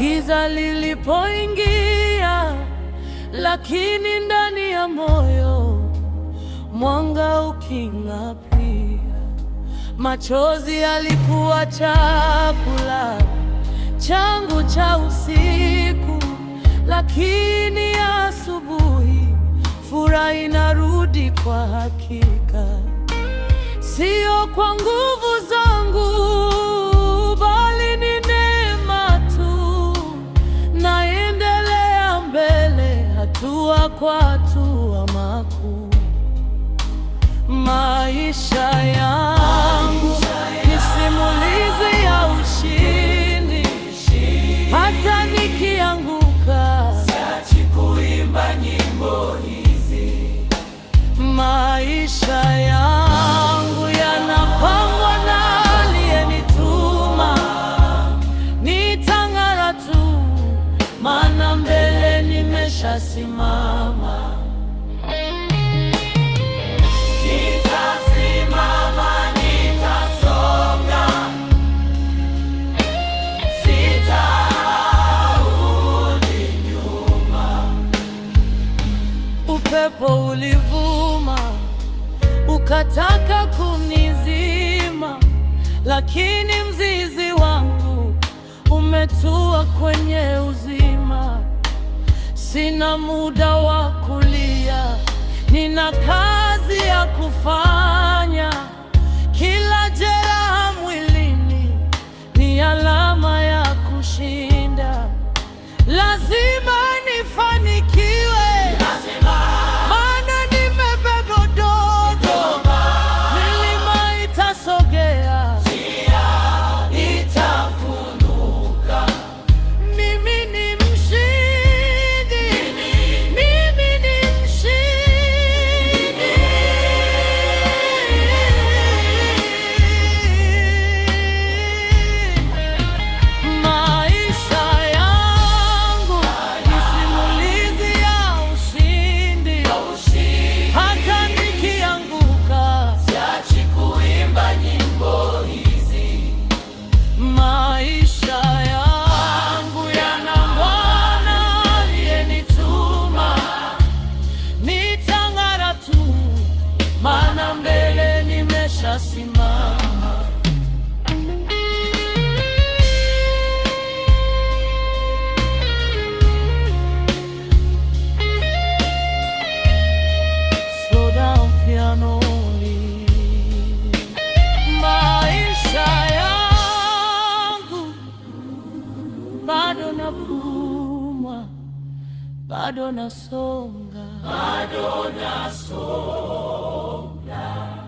Giza lilipoingia, lakini ndani ya moyo mwanga uking'aa pia. Machozi yalikuwa chakula changu cha usiku, lakini asubuhi furaha inarudi kwa hakika, sio kwa nguvu za hatua kwa hatua makuu maisha ya nimeshasimama Upepo ulivuma ukataka kunizima, lakini mzizi wangu umetua kwenye muda wa kulia, nina kazi ya kufanya. nimesha mbele, nimeshasimama Bado napumua, bado nasonga, bado nasonga. Amen.